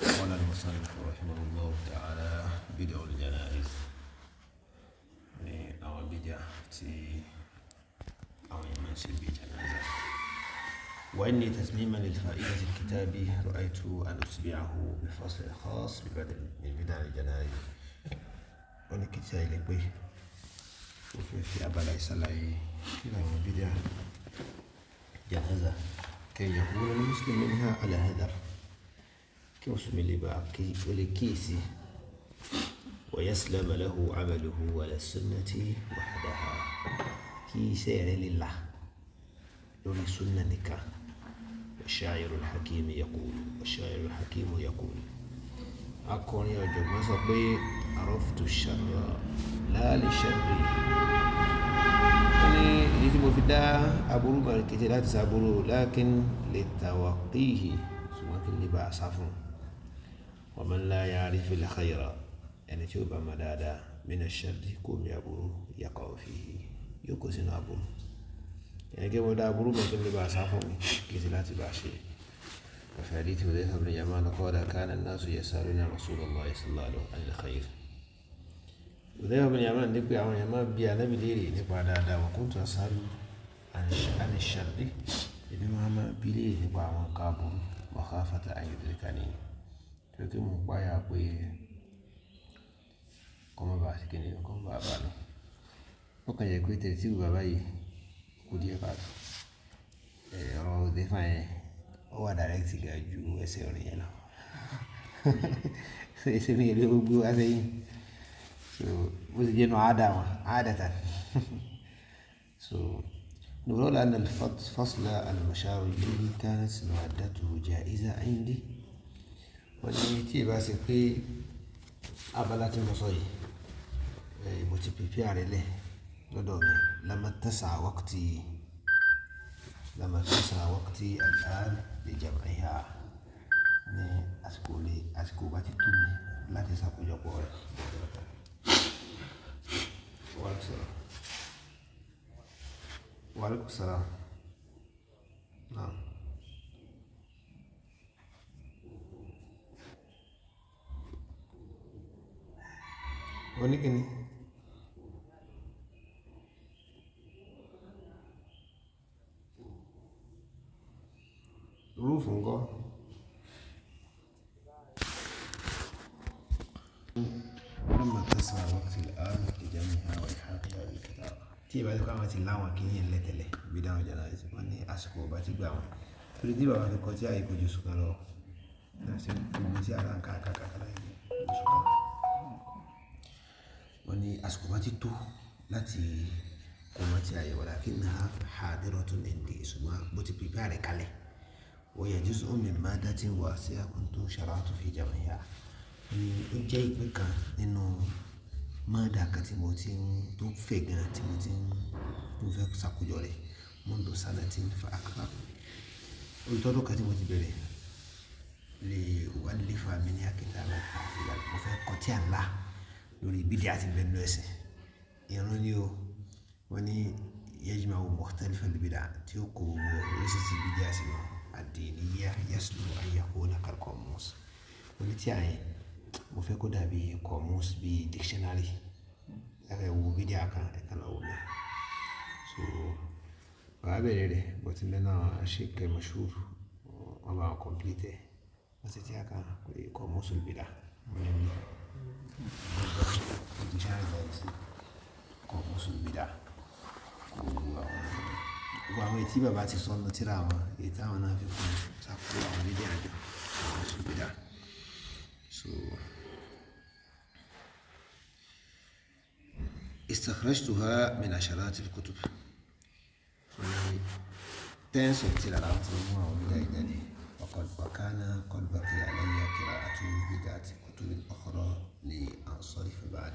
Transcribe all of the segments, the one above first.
قال المصنف رحمه الله تعالى بدع الجنائز أو بدع أو بجنازة وإني تسليما للفائدة الكتابي رأيت أن أتبعه بفصل خاص ببدع الجنائز ونكتب لك به òfin fi abala ìsàlàyé kí làwọn يجهزها كي يكون المسلم منها على هدر كوسم لبعقه ولكيسي ويسلم له عمله ولا السنة وحدها كي سير يعني لله لون السنة نكا والشاعر الحكيم يقول الشاعر الحكيم يقول أكون يا جماعة عرفت الشر لا لشره يعني يجب في الله أبرو مركز لا تسابرو لكن لتوقيه سواء اللي بقى صفن ومن لا يعرف الخير يعني توبا مدادا من الشر كوم يبرو يقع فيه يكسن أبرو يعني كما دا أبرو مركز اللي بقى صفن كيس لا تبعشي وفي حديث حذيفة بن يمان قال كان الناس يسألون رسول الله صلى الله عليه وسلم عن الخير òdẹ́yà ọ̀bìnrin àmọ́ ní pé àwọn èèyàn máa bí anábì léèrè nípa dáadáa wọ́n kún tó sálú àníṣàlẹ̀ èmi máa máa bí léèrè nípa àwọn káàbọ̀ wàhá fata ayélujára ní tó kí mo páyà pé kọ́mọ bá ti kéde kọ́mọ bá bá lọ. ó kàn jẹ́ pé tẹ̀sí ìwà báyìí kò díẹ̀ káàtó ọ̀rọ̀ òdẹ́fà yẹn ó wà dàrẹ́kìtì ga ju mi yẹn ló gbé وزجنوا عداوة عادة so ولولا أن الفصل المشار إليه كانت مودته جائزة عندي ونيتي باسقي أبلات مصري إيه، متبيبيار له لدومي لما اتسع وقتي لما اتسع وقتي الآن لجمعها أسكولي أسكوباتي تومي لا تسعى كجوكوري Waalaikumsalam. Waalaikumsalam. Nah. Oh, ini ini. táwọn ti láwọn kìíní ẹ̀ lẹ́tẹ̀lẹ̀ gbé dáhùn jánásà sí wọn ní àsìkò ọba ti gbà wọn torí tí bàbá fi kọ tí àyè kojú sùn kan lọ náà ṣe gbogbo tí ara ń ká kàkàkàrà yìí sùn kan wọn ní àsìkò ọba ti tó láti kó wọn ti àyè wọn láti fi jàmọ̀ yá ó jẹ́ ìpín máàdà kan tí mo ti ń tó fẹ̀ gan tí mo ti ń tó fẹ́ ṣàkójọ rẹ̀. Mundu sanatin fa akthar. Ó ti tó ọdún kan tí mo ti bẹ̀rẹ̀ li u'allifa minha kitaban hafidan. Mo fẹ́ kọ tíra ńlá lórí bídíà tí ń ẹ̀sìn. Ìrun ni o. Wọ́n ní yajma'u mukhtalifal bid'a tí ó kó gbogbo oríṣiríṣi bídíà sínú ad-diniya yasluhu an yakuna kalqamus. Mo ní tíra yẹn mo fẹ́ kó dàbí kọ̀mús bí dictionary. Láfẹ́ wo fídíò kan, ẹ kan lọ wò bẹ́ẹ̀. So màá bẹ̀rẹ̀ rẹ̀, but nbẹ́ẹ̀ náà Sheikh Moshood wọ́n bá wa complete ẹ̀. Wọ́n ṣe tíra kan pé kọ̀músul bídà. Mo ní mi. Dictionary báyìí sí kọ̀músul bídà. Kò gbogbo àwọn èyí bàbá ti sọnù tíra wọn, èyí táwọn náà fi kún ṣàkóso àwọn fídíò àjọ kọ̀músul bídà. So. استخرجتها من عشرات الكتب تنسى التلاعات المعوضة وقد وكان قد بقي علي قراءة بدعة كتب أخرى لأنصرف بعد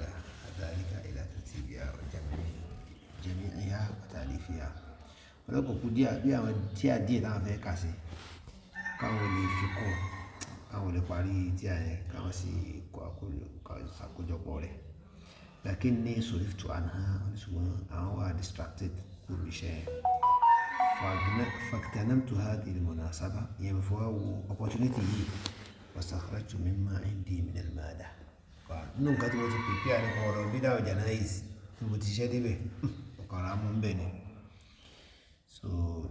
ذلك إلى ترتيبها وجميعها وتأليفها ọlọ́pàá kú díẹ̀ bí àwọn tí a díẹ̀ táwọn fẹ́ kà sí káwọn lè fi kún káwọn lè parí tí a yẹn káwọn sì kọ àkójọpọ̀ rẹ̀. لكني صرفت عنها أو ديستراكتد كل شيء فاغتنمت هذه المناسبة يعني واستخرجت مما عندي من المادة نقطة وجبتي على قولهم بلا جنايز المتشدد به وكرام بيني سو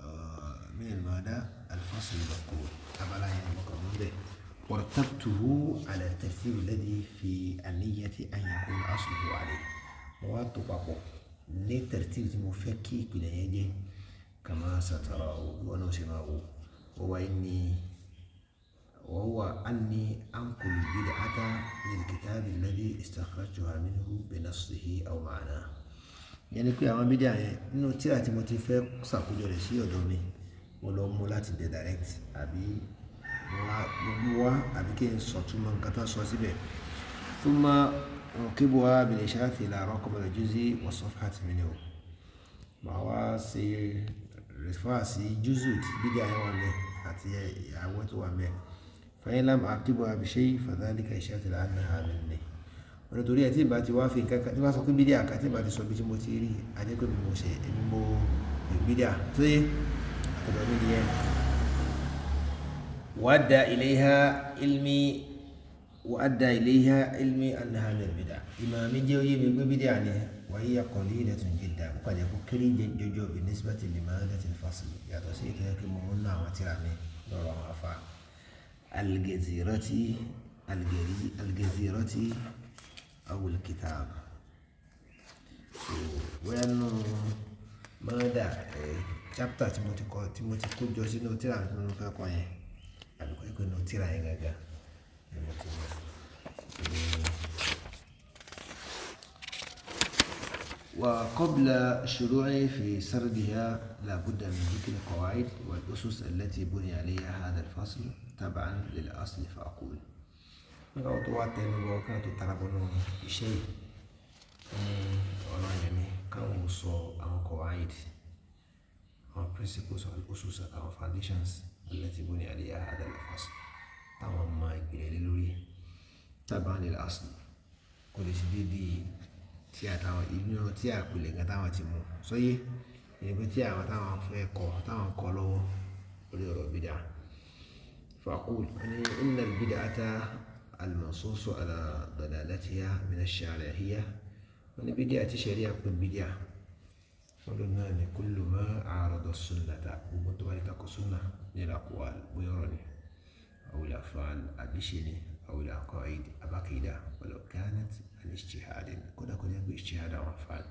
آه، من المادة الفصل يقول أبلا يعني مكرم به ورتبته على الترتيب الذي في النية أن يكون أصله عليه وطبقه ní tẹ̀rẹ̀tìrì tí mo fẹ́ kí ìpìlẹ̀ yẹn jẹ́ kàmá sàtàrà ọ̀nà òṣèlú àwọ̀ wọ́wà ní wọ́wà á ní àǹkùlù ìbílẹ̀ átá ní ìkìtàbí lẹ́bí ìsàkàjọ àmínú bẹ̀nà sùhí àwọn àná yẹn ni pé àwọn bídíà yẹn nínú tíra tí mo ti fẹ́ sàkójọ rẹ̀ sí ọ̀dọ̀ mi mo lọ mú láti dẹ̀ direct àbí gbogbo wa àbí kí n sọ̀túnmọ̀ nǹkan tó sọ síbẹ̀ thumma unqibuha bil ishara ila raqam al juz'i wa safhati minhu màá wá ṣe rìfáà sí júzù tí bídíà yẹn wà mẹ́ àti ìyàwó tó wà mẹ́ fa in lam u'aqibuha bi shay'in fa dhalika isharatu ila annaha minni ọ̀nà torí ẹ̀ tí ìbá ti wá fi kankan tí wọ́n sọ pé bídíà kan tí ìbá ti sọ bí tí mo ti rí adé pé mo ṣe mo bídíà tó yé àtọ̀dọ̀ mi nìyẹn. وأدى إليها علمي وأدى إليها علمي أنها من البدع إمام جوي يقول بدع وهي قليلة جدا وقد يكون كري جوجو بالنسبة لمادة الفصل يا توسيك كمونا وترامي نور وفاء الجزيرة الجزيرة أو الكتاب وأنه ماذا chapter tí mo ti kọ tí mo ti kó وقبل شروعي في سردها لا بد من ذكر القواعد والأسس التي بني عليها هذا الفصل تبعا للأصل فأقول بشيء آه، يعني أو principles or the foundations التي بني عليها هذا الفصل طبعا ما يقبل للوري طبعا للأصل كل شيء دي tí àtàwọn ìgbìmọ̀ tí àpilẹ̀ gan táwọn ti mú sóyè ìgbìmọ̀ tí àwọn táwọn fẹ́ kọ táwọn kọ lọ́wọ́ lórí ọ̀rọ̀ bídà fàkúl ní ìnà bídà ata almasoso ala dalalatiya mina shari'iyya wani bídà ti shari'a pé bídà wọ́n ló náà ní kullu ma a'rada sunnata gbogbo tó bá yí takò súnà min al-aqwal bóyá ọ̀rọ̀ ni awil af'al àbíṣe ni awil aqaid abákìdá walau kanat an ijtihad kódà kó jẹ́ pé ijtihad àwọn afáàlì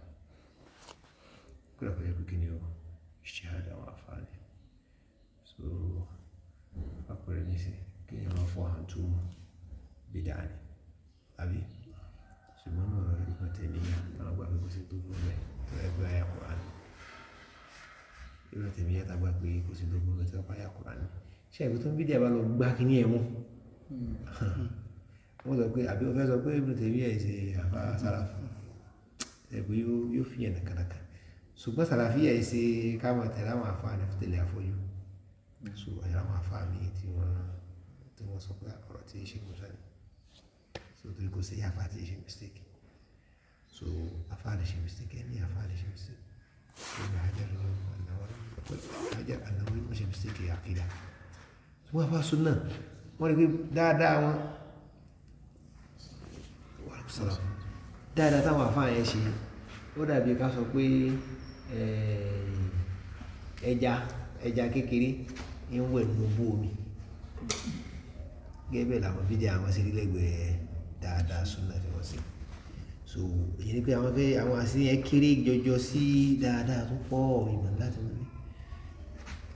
kódà kó jẹ́ pé kí ni o ijtihad àwọn afáàlì so apẹ̀rẹ̀ ní sẹ́ kí ni wọ́n fọ́ hàn tó bídà ni àbí ṣùgbọ́n náà rẹ̀ nípa tẹ̀lé yà táwọn gbà pé kó sì tó fún bẹ́ẹ̀ ẹgbẹ́ àyà Kùránì. Ibn Taymiyyah tá gbà pé kò sí tó burú tí wọ́n pa àyà Kùránì. Ṣé ìgbé tó ń bídíà bá lọ gbá kíní ẹ̀ mú? Wọ́n sọ pé àbí wọ́n fẹ́ sọ pé Ibn Taymiyyah ṣe àfa sàlàfù. Ẹ̀bùn yóò fi yàn nàkànàkà. Ṣùgbọ́n sàlàfù yà ṣe káwọn tẹ̀lé àwọn àfa ànàfitẹ̀lẹ̀ àfọ́jú. So àyà àwọn àfa mi tí wọ́n so afáàlì ṣe mistake ẹni afáàlì ṣe mistake Ibn Hajar al-Nawawi Ibn Hajar al-Nawawi wọ́n ṣe mistake àkìlá wọ́n afá súnà wọ́n rí pé dáadáa wọn wọ́n rí sọ̀rọ̀ dáadáa táwọn afá yẹn ṣe ó dàbí ká sọ pé eh, ẹja ẹja kékeré ń wẹ̀ nínú bú omi gẹ́gẹ́ bẹ́ẹ̀ làwọn bídẹ́ so èyí ni pé àwọn fẹ́ àwọn àṣírí yẹn kéré jọjọ sí dáadáa tó pọ̀ ìmọ̀ ńlá tó ní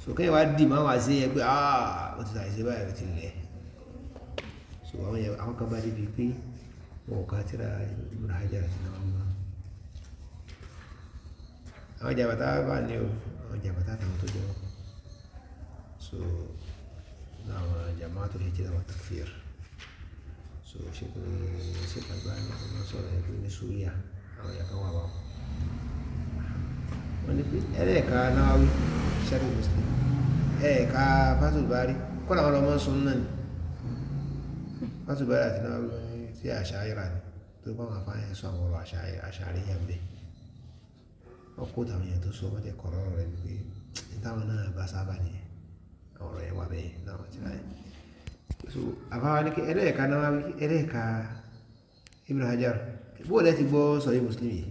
so kẹ́yìn wá dì máa wà sí yẹn pé ah ó ti ṣàìṣe báyìí ó ti lẹ̀ so àwọn yẹn àwọn kan bá débi pé wọn ò ká tíra ìmúra ajá àti náà wọn àwọn jàbàtà bá ní o àwọn jàbàtà táwọn tó jẹ wọn so àwọn jàmá tó ṣe jẹ náà takfir so ṣe kí ni ṣe gbàgbà ni wọ́n sọ̀rọ̀ yẹn ní Suria àwọn yẹn kan wà wà wọ́n ní pé ẹlẹ́ẹ̀ka Nawawi sharif muslim ẹ̀ẹ̀ka fatulbari kọ́nà àwọn ọmọ sun náà ni fatulbari àti Nawawi tí àṣà ayéra ni tó bá wọn fáyẹn sọ àwọn ọ̀rọ̀ àṣà àríyàn bẹ́ẹ̀ wọ́n kó tàwọn èèyàn tó sọ wọ́n tẹ kọ̀ọ̀rọ̀ rẹ̀ wípé táwọn náà bá sábà nìyẹn ọ̀rọ̀ yẹn wà bẹ́ẹ̀ láwọn ti ráyẹ̀ so àbáwá ní kí ẹlẹ́ẹ̀ka náà ẹlẹ́ẹ̀ka Ibn Hajar bóò lẹ́ti gbọ́ sọ̀rọ̀ Muslim yìí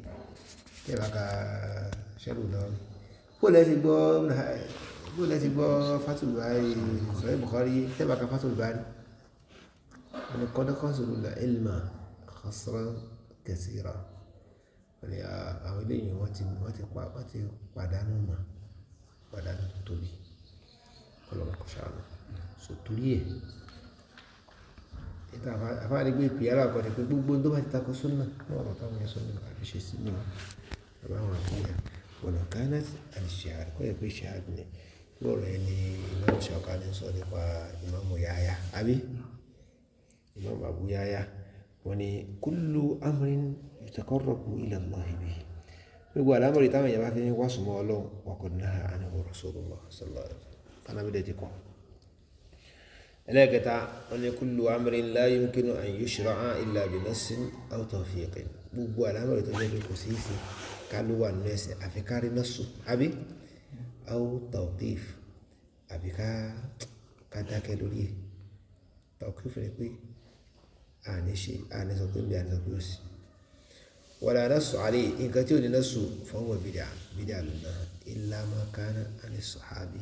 tẹ́ẹ̀bá ka ṣẹ́lù náà bóò lẹ́ti gbọ́ bóò lẹ́ti gbọ́ fatulubari sọ̀rọ̀ Bukhari tẹ́ẹ̀bá ka fatulubari wọ́n ni kọ́dọ́ kọ́sùlùlà ilma khasran kaseera wọ́n ni ah, àwọn eléyìí wọ́n ti pàdánù mà pàdánù tóbi kọlọ́mọkọ̀ṣáà lọ sọ torí ẹ̀ ìta àfáàrí gbé ìpè aláàkọ́ ni pé gbogbo tó bá ti takò súnà náà ọ̀rọ̀ táwọn yẹn sọ́nà àfiṣe sí ní àbáwọn àbúyà ọ̀nà kánẹ́tì àti ṣàárẹ̀ kọ́ ẹ̀ pé ṣàárẹ̀ ni lọ́rọ̀ ẹni ìmáàmù Ṣàkánì sọ nípa ìmáàmù Yahya àbí ìmáàmù Abu Yahya wọ́n ní kullu amrin yutaqarrabu ila Allahi bihi gbogbo àlámọ̀rí táwọn èèyàn bá fi wá súnmọ́ Ọlọ́run wa qad naha anhu Rasulullah sallallahu alaihi wasallam ẹlẹ́ẹ̀kẹta wọn ni kúlù amrin la yumkinu an yushra'a illa bi nassin aw tawfiqin gbogbo àlámọ̀rẹ́ tó jẹ́ pé kò sí ìsìn kálú wà nínú ẹ̀sìn àfi kárí nọ́ọ̀sù àbí aw tawqif àbí ká ká dákẹ́ lórí ẹ̀ tawqif rẹ̀ pé àní ṣe àní sọ pé bí àní sọ pé ó sì wàlá nọ́ọ̀sù àlẹ́ nǹkan tí ò ní nọ́ọ̀sù fọwọ́ bìdà bìdà lónà illa ma àní sọ̀hábì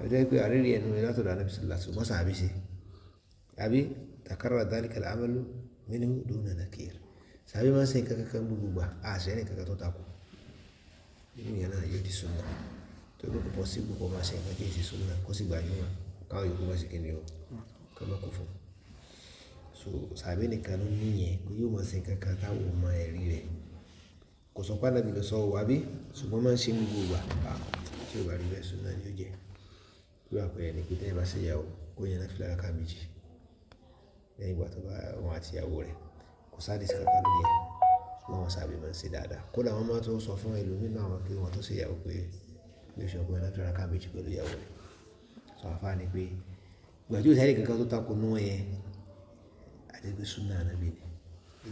àbíjẹ́ pé àrírí ẹnu rẹ̀ látọ̀dọ̀ anábì sọ̀lá ṣùgbọ́n sàbí ṣe àbí takarra dhalika al-amalu minhu duna nakir sàbí máa ń ṣe nǹkan kankan gbogbo gbà àṣẹ ní kankan tó takò nínú yẹn náà yóò di sunna tó yẹ kó pọ̀ sí gbogbo máa ṣe nǹkan tí èsì sunna kó sì gbajúmọ̀ káwọn yòókù máa ṣe kí ni o kọ́ máa kó fún so sàbí nìkan ló ní yẹn kó yóò máa ṣe nǹkan kan táwọn ọmọ ẹ̀rí rẹ̀ kò sọ pé anábì lọ sọ wàbí ṣùgbọ́n máa ń ṣe gbogbo gbà tí ò bá rí sunna ni ó jẹ́ Irú àpẹẹrẹ ni pé tí ẹ̀yin bá ṣe ìyàwó kó yan náfìlà rákà méjì lẹ́yìn ìgbà tó bá òun àti ìyàwó rẹ̀. Kò sí hadisi kankan lórí ẹ̀, ṣùgbọ́n àwọn sàábé máa ń ṣe dáadáa. Kódà wọ́n máa ń tún sọ fún ẹlòmíì nínú àwọn kí wọ́n tó ṣe ìyàwó pé bí ó ṣe ọkùnrin náfìlà rákà méjì pẹ̀lú ìyàwó rẹ̀. So àfààní ni pé ìgbà tí kankan tó tako nínú wọn yẹn, pé súnà Ànábì ni.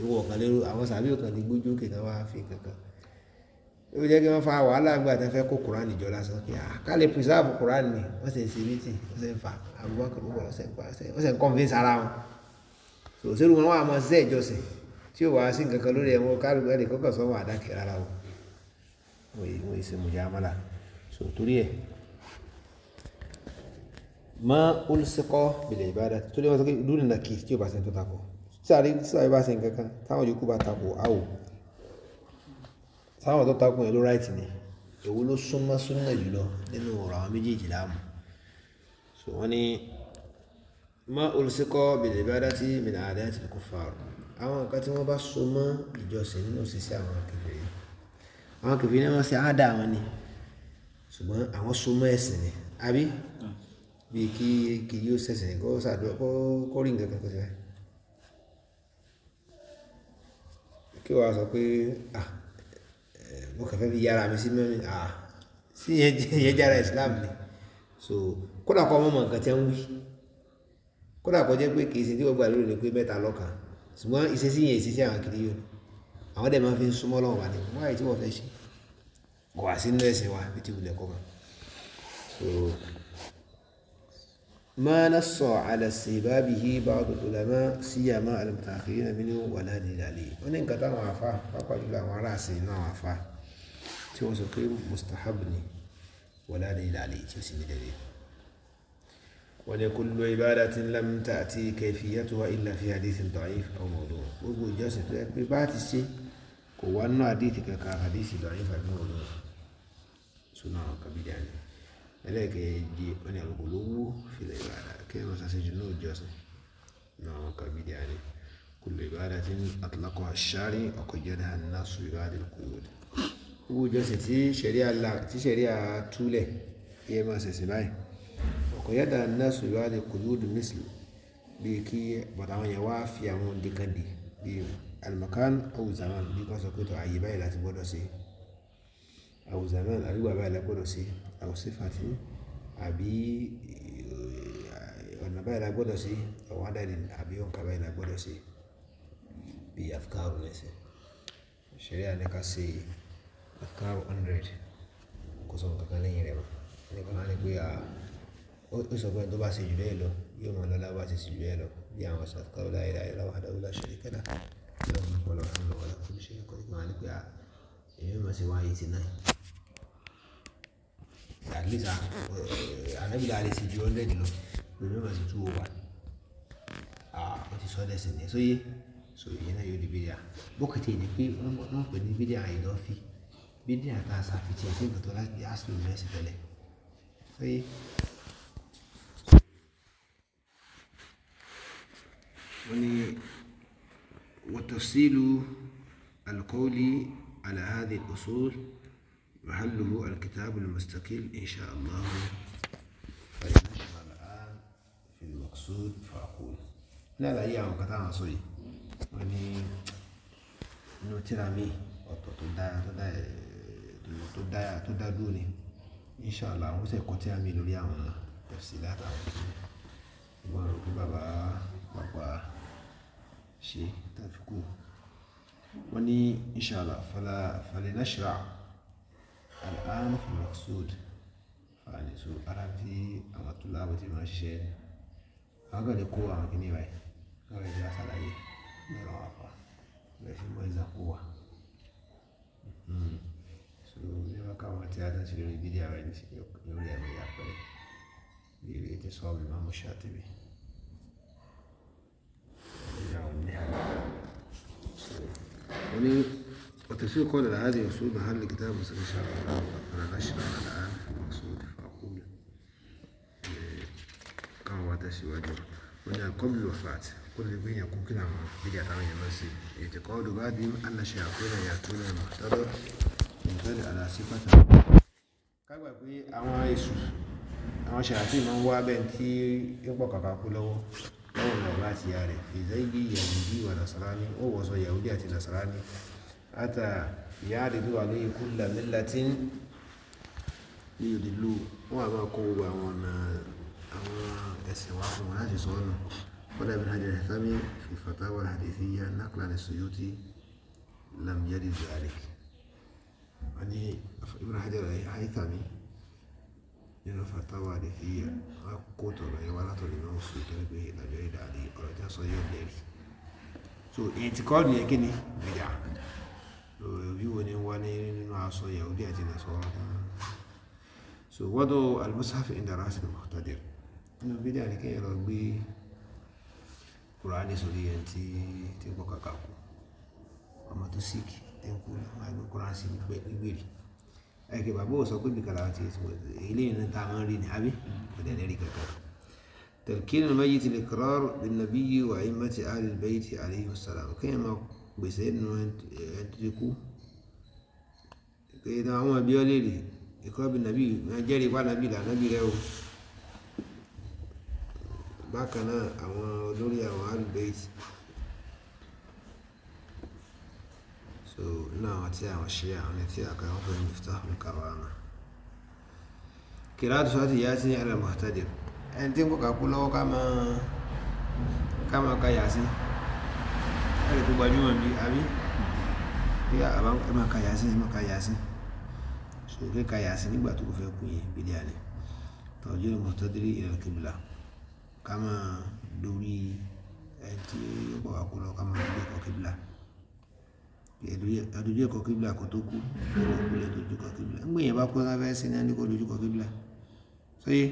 Ìwọ ọ̀kan lérò àwọn sàábé ọ̀kan ó fi jẹ́ kí wọ́n fa wàhálà gbà tán fẹ́ kó kuraani jọ lásán kí ká lè preserve kuraani ni wọ́n sì ń ṣe mítì wọ́n sì ń fa Abubakar ó bọ̀ wọ́n sì ń pa wọ́n sì ń convince ara wọn so òṣèlú wọn wà máa ṣiṣẹ́ ìjọsìn tí ò wá sí nǹkan kan lórí ẹ̀wọ̀n kálukú ẹ̀lẹ́ kọ́kọ́ sọ wọn àdákẹ́ rárá o wọ́n yìí ṣe mùjá amálà so torí ẹ̀ mọ olùsẹ́kọ́ bìlẹ̀ ìbáda tó lé wọn sọ pé dúró nìlà kì í tí ò bá ṣe tó takò tí sáré tí sáré bá ṣe nǹkan kan táwọn yòókù bá takò á ò sáwọn tó takùn yẹn ló ráìtì ni èwo ló súnmọ́ súnmọ́ jùlọ nínú ọ̀rọ̀ àwọn méjèèjì láàmú so wọ́n ní ma olùsíkọ́ bèlè bá dá tí mìnà àdá ti kò fàrọ̀ àwọn nǹkan tí wọ́n bá so mọ́ ìjọsìn nínú òṣìṣẹ́ àwọn kèfèrí àwọn kèfèrí náà wọ́n ṣe àádá wọn ni ṣùgbọ́n àwọn so mọ́ ẹ̀sìn ni àbí bí kí kì yóò ṣẹ̀ṣẹ̀ kó ṣàdúrà kó rí nǹkan kan kó ṣe kí wàá sọ pé ah mo kàn fẹ́ fi yára mi sí mẹ́rin à ah, sí ìyẹn jára Islam ni so kódà kọ́ mọ́mọ́ nǹkan tẹ́ ń wí kódà kọ́ jẹ́ pé kì í ṣe tí wọ́n gbà lórí ni pé mẹ́ta lọ́kàn ṣùgbọ́n ìṣesí yẹn ìṣesí àwọn kiri yóò àwọn dẹ̀ máa fi ń súnmọ́ lọ́wọ́ wa wọ́n àyè tí wọ́n fẹ́ ṣe kò wá sínú ẹ̀sìn wa bí ti wulẹ̀ kọ́ ma so ما نص على استحبابه بعض العلماء سيما المتأخرين منه ولا دليل عليه وننكتم عفا فقد لا وراسي نعفا cewa su kai mustahab ne wala da ilali tí ó sì ní dẹ̀dẹ̀ wọ́n ni kullu ibadatin lam ta'ti kayfiyatuha illa fi hadithin da'if aw mawdu' gbogbo ìjọsìn tó yẹ pé bá ti ṣe kò wá nínú hadithi kankan hadithi da'if aw mawdu' suna àwọn kabi dà ní ẹlẹ́ẹ̀kejì wọ́n ni àgbègbè lówó fìlà ìbára kí wọ́n sá sí jù náà ìjọsìn náà àwọn kabi dà ní kullu ibadatin atlaqaha ash-shari' wa qayyadaha an-nas bi ba'd al-quyud owó ìjọsìn tí ṣẹ̀ríà là tí ṣẹ̀ríà túlẹ̀ kí ẹ máa ṣẹ̀ṣẹ̀ báyìí ọ̀kọ̀ yàtà náà sùn yóò lè kùlúùdù mísìlì bí kí bọ̀dà àwọn yẹn wá fi àwọn dìkandì bí alimakan awùzàmán bí kò sọ pé tó àyè báyìí láti gbọ́dọ̀ sí awùzàmán àríwá báyìí láti gbọ́dọ̀ sí àwùsífàtì àbí eh, ọ̀nà báyìí láti gbọ́dọ̀ sí ọ̀wọ́n adáyé àbí òǹkà báyìí láti gbọ́dọ̀ sí bí afikaru nẹsẹ̀ ṣẹ̀ríà ní ká ṣe yìí afikaru hundred kò sọ nǹkan kan lẹ́yìn rẹ̀ mọ́ ẹnìkan á ní pé à ó sọ pé tó bá ṣe jù bẹ́ẹ̀ lọ yóò mọ̀ lọ́la bá ṣe sì jù bẹ́ẹ̀ lọ bí àwọn ṣe afikaru la ilaha illa huwa wahdahu la sharika lahu lọ́wọ́ ọ̀pọ̀lọ̀ fún mi wọ́n fún ṣe kọ́ nípa ní pé à èmi mọ̀ sí one eighty nine at least ànábìlà lè ṣe ju hundred lọ èmi mọ̀ sí two oh one ó ti sọ dẹ́sìn ní ẹ̀ sóyè so ìyẹn náà yóò di bídíà bókìtì ní pé wọ́n pè ní bídíà àìdọ́fì. bidii a ta safitin sai ka zo di arsenal na shiga lai sai wani وتفصيل القول على هذه الأصول محله الكتاب المستقل إن شاء الله فلنشرع الآن في المقصود فأقول لا لا يا مقطع صوي يعني نترامي أطلطم tó dá tó dá dúró ni. Inshallah àwọn ọ̀sẹ̀ kan tí a mi lórí àwọn tafsilat àwọn kíni. Mo rò pé bàbá bàbá ṣe tá fi kú. Wọ́n ní Inshallah fala falinashra al'an fil maqsud. Fàní so ara tí àwọn tulabu ti máa ń ṣiṣẹ́ Àwọn kan kó àwọn kíni báyìí. Àwọn ìdí àṣàlàyé lọ́rọ̀ àwọn àpá. Bẹ́ẹ̀ sì mọ ìzàkúwà. Hmm. إمكانات هذا سيري بدي أعمل يقول يا مي أقبل يريد يصاب الإمام الشاطبي يعني وتفسير قول العادي مقصود محل الكتاب بس إن شاء الله أنا أشرح الآن مقصود فأقول قامت سواجه هنا قبل الوفاة كل بين يكون كده بداية عمل المسجد اعتقاد بعدهم أن الشياطين يأتون المحتضر ìtọ́lẹ̀ àlàsí pàtàkì kágbà pé àwọn èṣù àwọn ṣàràtì máa ń wá bẹ́ẹ̀ tí ó pọ̀ kàkà kú lọ́wọ́ lọ́wọ́ ní ọ̀gá àti ìyá rẹ̀ fìzẹ́ ibi yahudi wà nasarani ó wọ̀sọ yahudi àti nasarani ata ìyá wà lóyè kú lamí latin ní òdìlú wọn àmà kó gbogbo àwọn ọ̀nà àwọn ẹ̀sìn wa fún wọn láti sọ ọ̀nà قال ابن حجر الهتامي في الفتاوى الحديثية نقلا للسيوطي لم يرد ذلك ní Ibn Hajar al-Haythami nínú fatawa rẹ̀ fi kó tọ̀rọ̀ yẹn wá látọ̀rọ̀ Imam Suyuti pé ìlàjọ ìdàrí ọ̀rọ̀ tí a sọ yóò lẹ́rì so ìtìkọ́ nìyẹn kí ni bìdà lórí wo ni wọ́n ní nínú aṣọ Yahudi àti Nasara so wọ́dọ̀ al-mushaf inda ra'sil muqtadir nínú bìdà ni kéèyàn lọ gbé Kùránì sórí ẹni tí tí kò kàkà kù ọmọ tó sick tẹ́kù àìgbé kóran sí gbèrè ẹ̀kẹ́ bàbá ò sọ pé bí kàlà àti eléyìí ní ta máa ń rí ni àbí kò dẹ̀ lẹ́rìí kankan. تلكين الميت الإقرار بالنبي وأئمة أهل البيت عليهم السلام كما gbèsè nù ẹtùtùkù ìdá àwọn ẹbí ọ léèrè ìkọlọbì nàbí jẹrìí wà nàbí lànàbí rẹ o bákan náà àwọn olórí àwọn alùbẹ́ẹ̀tì so ina watia wa shi'a wani tiya ka yanku yin miftahun kawana kira da swati ya ce ala muhtadir en tin ko ka kula kama kama ka yasi ale ko gbajúmọ̀ bi abi ya aban e ma ka yasi e ma ka yasi so ke ka yasi nígbà tó fẹ́ kun yin bi dia ni tawjil muhtadir ila qibla kama dori en ti ko ka kula kama ko qibla àdójú ẹ̀kọ́ kíbla kò tó kú ẹ̀rọ ìpínlẹ̀ dojú kọ kíbla ń gbìyànjú bá kó sáfẹ́ sí náà ní kó dojú kọ kíbla sóyè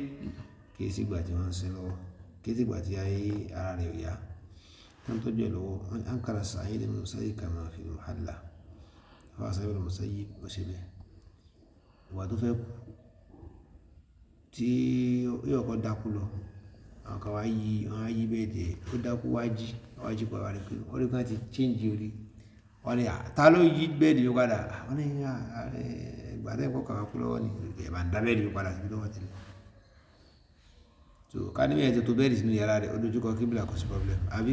kì í sígbà tí wọ́n ń sin lọ́wọ́ kì í sígbà tí ayé ara rẹ̀ yá tó ń tọ́jú ẹ̀ lọ́wọ́ ankara sàáyédè mùsáyì kàmá fi mùhàlà àwọn àṣàbẹ̀rẹ̀ mùsáyì ó ṣe bẹ́ẹ̀ ìwà tó fẹ́ tí yóò kọ́ dákú lọ àwọn kan wá yí bẹ́ẹ̀ dé ó dákú wọ́n ní ta ló yí bẹ́ẹ̀dì yóò padà wọ́n ní ìgbàdá ẹ̀kọ́ kàwá kú lọ́wọ́ ni ẹ̀ bá ń da bẹ́ẹ̀dì yóò padà síbi lọ́wọ́ ti lọ. tó ká níbi ẹ̀jẹ̀ tó bẹ́ẹ̀dì sínú yàrá rẹ̀ ó dojúkọ kíbla kò sí problem àbí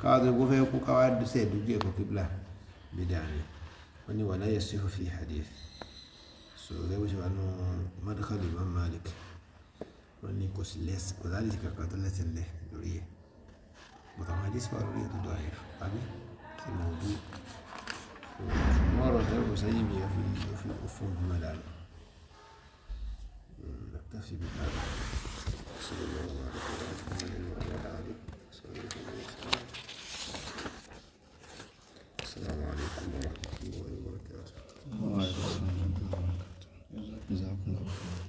káwá tó fẹ́ kú káwá sẹ̀ dojú ẹ̀kọ́ kíbla bí dàní wọ́n ní wàlá yẹ sí òfì hadith so ẹ bó ṣe wà nù mọ́dékàlì Imam Malik wọ́n ní kò sí lẹ́sì kò sáà lè kankan tó lẹ́sìn lẹ̀ lórí ẹ̀ bọ̀tà wọn àdìsí wà مرض المسيب في في الأفق ملل نكتفي بهذا صلى الله وسلم السلام عليكم ورحمة الله وبركاته وعليكم السلام ورحمة الله وبركاته جزاكم الله خيرا